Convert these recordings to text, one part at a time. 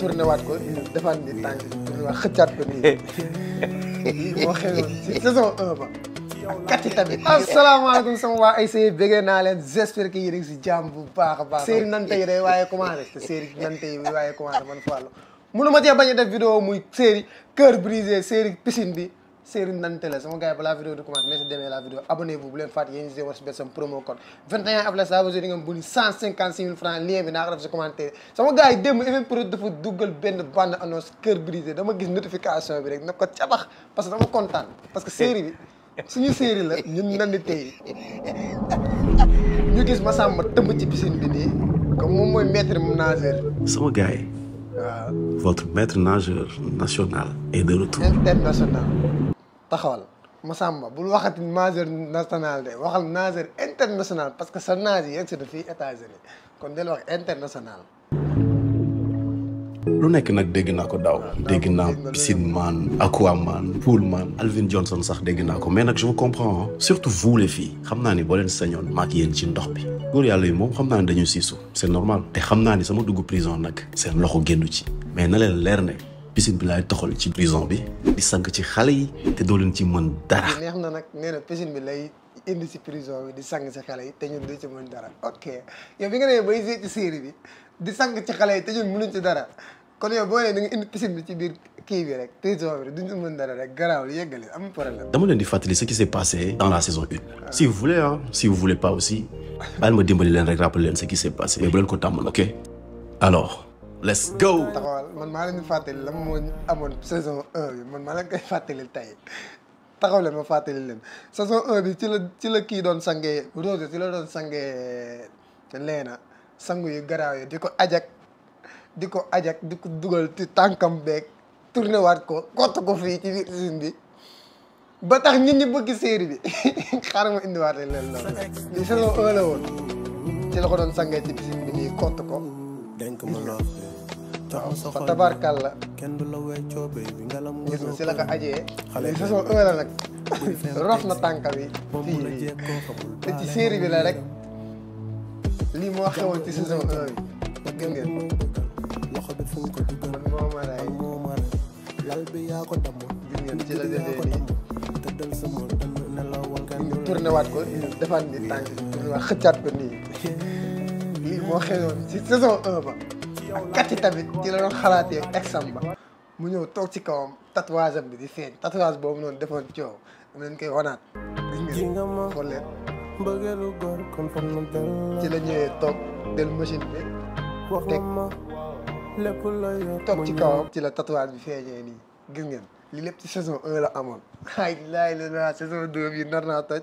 tourné waat ko defaat ni tànk tourné waat ko nii lii moo xewoon ci saison 1 ba ak kati tamit sama waa ay sey bégee naa leen j'espère que yéen si jàmm bu baax a baax séeri nante yi waaye commencé te séeri nante yi waaye commencé man Fallou ma cee bañ a def vidéo muy séeri cœur brisé séeri piscine bi Serigne Ndante la sama gars yi ba la vidéo di commencé mais si demee la vidéo abonnez-vous bu leen fàtte yéen si war si bet sama promo code 21 avril ça veut dire nga bu ni 156 000 francs lien bi naa ko def si commentaire sama gars yi démb FM Prod dafa dugal benn bande annonce cœur brisé dama gis notification bi rek na ko cabax parce que dama kontaan parce que série bi suñu série la ñun nan di tey ñu gis Massamba tëmb ci piscine bi nii comme moom mooy maître nageur sama gars yi waaw votre maître nageur national est de retour international taxawal samba bul waxati nageur national de waxal nageur international parce que sa naaj yi yegg na fii États-Unis kon del wax international. lu nekk nag dégg naa ko daaw dégg naa piscine man aquaman pool man Alvin Johnson sax dégg naa ko mais nag je vous comprends hein. surtout vous les filles xam naa ni boo leen sañoon maak yéen ci ndox bi góor yàlla yi moom xam naa ni dañu siisu c'est normal te xam naa ni sama dugg prison nag seen loxo génnu ci mais na leen leer ne piscine bi lay toxal ci prison bi di sank ci xale yi te doo leen ci mën dara. neex na nag nee na piscine bi lay indi ci prison bi di sang ci xale yi te ñun du ci mën dara ok yow bi nga nee bay seet ci série bi di sang ci xale yi te ñun mënuñ ci dara kon yow boo nee da nga indi piscine bi ci biir kii bi rek prison bi duñ ci mën dara rek garaaw li yeggali am problème. dama leen di fàttali ce qui s'est passé dans la saison 1 si vous voulez ah si vous voulez pas aussi. baal ma dimbali leen rek rappeler leen ce qui s'est passé. mais bu leen ko tàmmal ok alors. let's go. taxawal man maa leen di fàttali la moo amoon saison 1 bi man maa leen koy fàttali tey taxaw leen ma fàttali leen saison 1 bi ci la ci la kii doon sangee Rose ci la doon sangee leena sangu yu garaaw yi di ko ajak di ko ajak di ko dugal ci tànkam beeg tourné waat ko kott ko fii ci biir usine bi. ba tax nit ñi bëgg série bi xaaral ma indiwaat leen loolu li saison 1 la woon ci la ko doon ci bisim bi fa tabarkàlla kenn du la weccoo béy bi ngalam gis nga si la ko ajee li saison un la nag rof na tànkam yi fii te ci série bi la rek lii moo xewoon ci saison un bi gën ngeen loxo bi fu ko dugal mooma lay mooma lal bi yaa ko damm gis ngeen ci la defee nii te dal sa mool ne la wangal ñu tourné waat ko defaat ni tànk tourné waat xëccaat ko nii lii moo xewoon ci saison un ba kat yi tamit ci la doon xalaatee exam ba mu ñëw toog ci kawam tatouage am bi di feeñ tatouage boobu noonu defoon coow dama leen koy wanaat gis ngeen xool leen ci la ñëwee toog del machine bi teg toog ci kawam ci la tatouage bi feeñee nii gis li lépp ci saison un la amoon ay laay la naa saison deux bi nar naa toj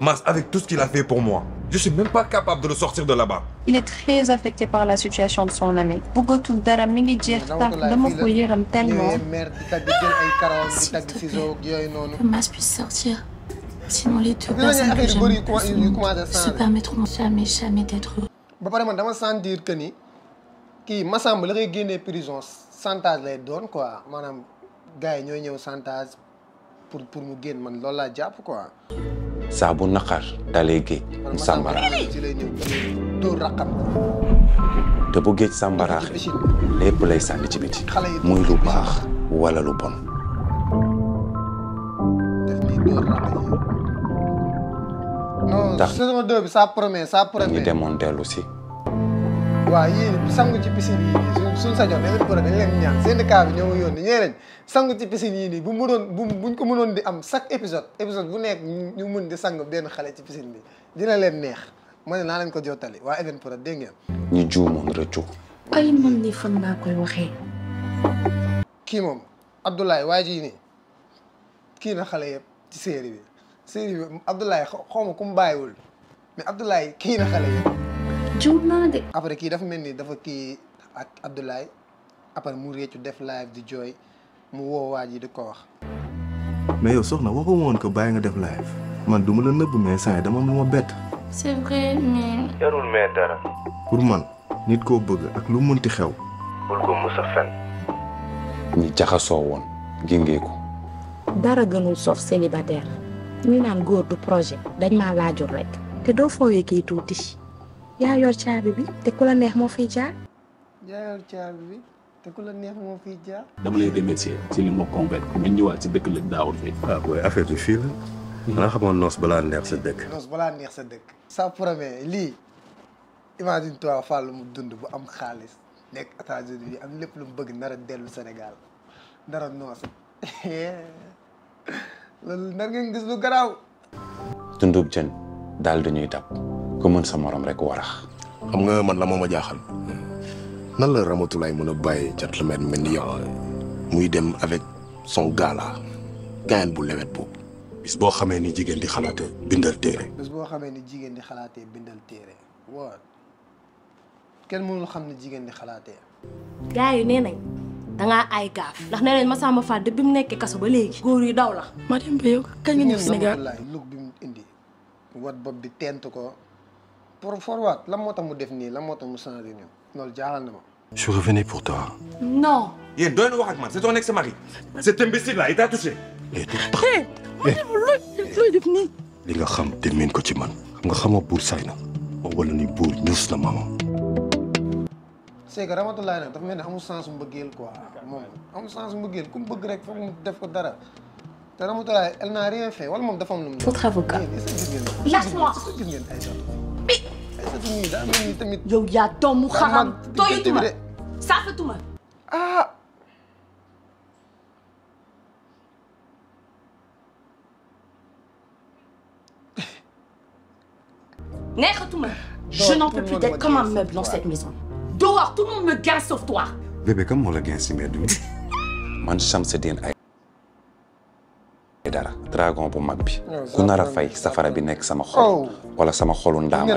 Mas, avec tout ce qu'il a fait pour moi, je ne suis même pas capable de le sortir de là-bas. Il est très affecté par la situation de son ami. tellement. Ah, Mas puisse sortir. Sinon, les deux personnes se permettront jamais, jamais d'être heureux. Je que qui m'a prison Santaz les donne quoi Madame gars pour pour quoi. saa bu naqar dalee géej mu sàmbaraax te bu géej sàmbaraaxee lépp lay sànni ci biti muy lu baax walla lu bon tax saison 2 bi ça promet ça promet ñu demoon dellu si waaw yéen sangu ci piscine yi nii suñ sañoon dañ leen ko dañ leen ñaan syndicat bi ñoo ñu ñee nañ sangu ci piscine yi nii bu mënoon bu ko mënoon di am chaque épisode épisode bu nekk ñu mën di sang benn xale ci piscine bi dina leen neex ma naa leen ko jottali waa Even Prod dégg ngeen. ñu juumoon rëccu. ay man ni fan laa koy waxee. kii moom Abdoulaye waa ji nii kii na xale yëpp ci série bi série bi Abdoulaye xaw ma ku mu bàyyiwul mais Abdoulaye kii na xale yëpp. juum naa de. après kii dafa mel ni dafa kii ak Abdoulaye après mu réccu def live di jooy mu woo waa ji di ko wax. mais yow soxna waxu woon ko bàyyi nga def live man du ma la nëbb mais saa yi dama ma bett. c'est vrai mais. jarul dara. pour man nit koo bëgg ak lu mënti xew. bul ko musa fen. ñu jaxasoo woon géngee ko. dara gënul soof célibataire. ñu naan góor du projet dañ maa laajul rek. te doo foowee kii tuuti. yaa yor caabi bi te ku la neex moo fiy jaar. yaa yor caabi bi te ku la neex moo fiy jaar. dama lay remercier ci li ma convaincre ñu ñëwaat ci dëkk la daawul fii. ah booy affaire bi fii la. Hmm. xanaa xamoon noos balaa neex sa dëkk. noos balaa neex sa dëkk. ça promet lii imagine toi Fallou mu dund bu am xaalis nekk États-Unis bi am lépp lu mu bëgg nar a dellu Sénégal nar a noos loolu nar ngeen gis lu garaaw. dundub jën daal dañuy dab. ku mën sa morom rek warax. xam nga man la moo ma jaaxal nan la Ramatulaay mën a bàyyi gentleman mel ni yow muy dem avec son gars là bu lewet boobu. bis boo xamee ni jigéen di xalaatee bindal téere. boo xamee ni jigéen di xalaatee bindal téere kenn mënul xam ne jigéen di xalaatee. gars yi nee nañ dangaa ay gaaf ndax nee nañ Massamba Fall de bi mu nekkee kaso ba léegi. góor yi daw la. ma dem ba yow kañ nga ñëw Sénégal bi mu indi. wat bopp bi tent ko. pour forward la def je revenais pour toi. non. Il doy wax ak c'est ton ex-mari. cet imbécile là il t'a touché. eh looy def nii. li xam te miin ko ci man xam nga xamoo buur saay na wala ni buur ñuus na maamam. c'est que fait. nag dafa mel tu amul sens mbëggeel quoi sens mbëggeel ku bëgg rek def ko dara elle n'a rien fait votre avocat. lâche-moi nii daa mel ni tamit. yow yaa doomu xaram tooyutuma saafatuma. ah. neexatuma. je n'en peux plus d'être comme un meuble dans cette maison. dehors tout le monde me gagne sauf toi. bébé comment on la gagne si mbedd mi man Chamsidine ay dara dragon pour mag bi ku fay safara bi nek sama xol oh. wala sama xolu ndaama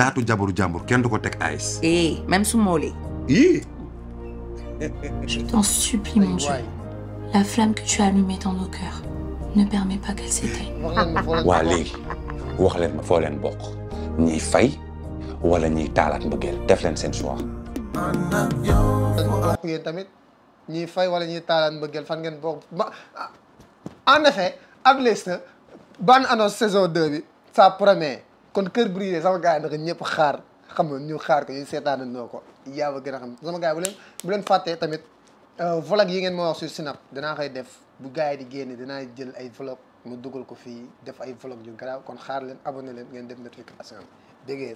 taatu jabaru jàmbur kenn du ko teg AS. eh même sous molé ii. je t'en supplie mon Dieu. la flamme que tu as allumée dans nos cœurs ne permet pas qu'elle s'éteigne. waa léegi wax leen ma foo leen bokk fay wala ni taalaat mbëggeel def len sen choix. ngeen tamit ñiy fay wala ñiy taalaat mbëggeel fan ngeen bokk en effet Ablés na ban annonce saison 2 bi ça promet. kon kër brisé sama gars yi ñëpp xaar xam nga ñu xaar ko ñu seetaan noo ko yaa ba a xam sama gars yi bu leen bu fàttee tamit euh, vlog yi ngeen moo wax sur Snap danaa koy def bu gars yi di génne danaa jël ay vlog mu dugal ko fii def ay vlog yu garaaw kon xaar leen abonné leen ngeen def notification bi déggee